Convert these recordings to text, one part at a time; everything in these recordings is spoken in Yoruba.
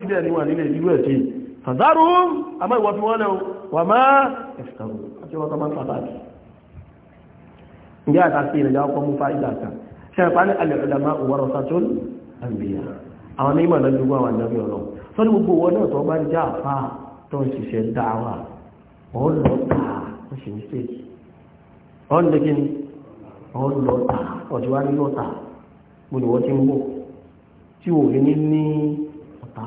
ilé ni wà nílé ìlú ẹ̀tì fàzárù àmọ́ ìwọ̀ fi wọ́n lẹ́ wà máa ẹ̀fẹ̀tàrù àti wọ́n tọ́mọ́ pàtàkì ìgbé àtàkì ìrìnlẹ̀ ọkọ̀ mú fáìlà kan ṣe ẹ̀pá ní alẹ́ ìlàmà òwúrọ̀ sátún àmìyà àwọn onímọ̀ lọ́jọ́gbọ́ àwọn àjọbí ọ̀rọ̀ tó ní gbogbo wọn náà tó bá ń já àfá tó ń ṣiṣẹ́ dáwà ọlọ́ta ó ṣe ní ti ń bọ̀ tí ọ̀tá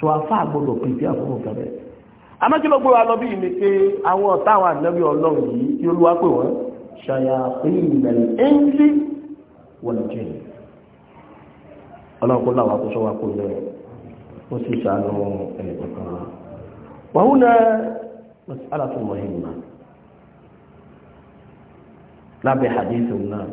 tó afá gbọdọ̀ pèsè àfọwọ́ kẹrẹ. amákí ló gbé wa lọ bí i ni pé àwọn ọ̀tá àwọn ànábì ọlọ́run yìí tí olúwa pè wọ́n ṣàyà pé ìlẹ̀ ẹ́ńlí wọ́n jẹ́ ọlọ́run kó láwọn akóso wa kó lẹ́rọ ó sì ṣàánú ẹ̀ẹ́dẹ̀ kan wàhùn náà mas'alatu muhimma lábẹ́ hadith náà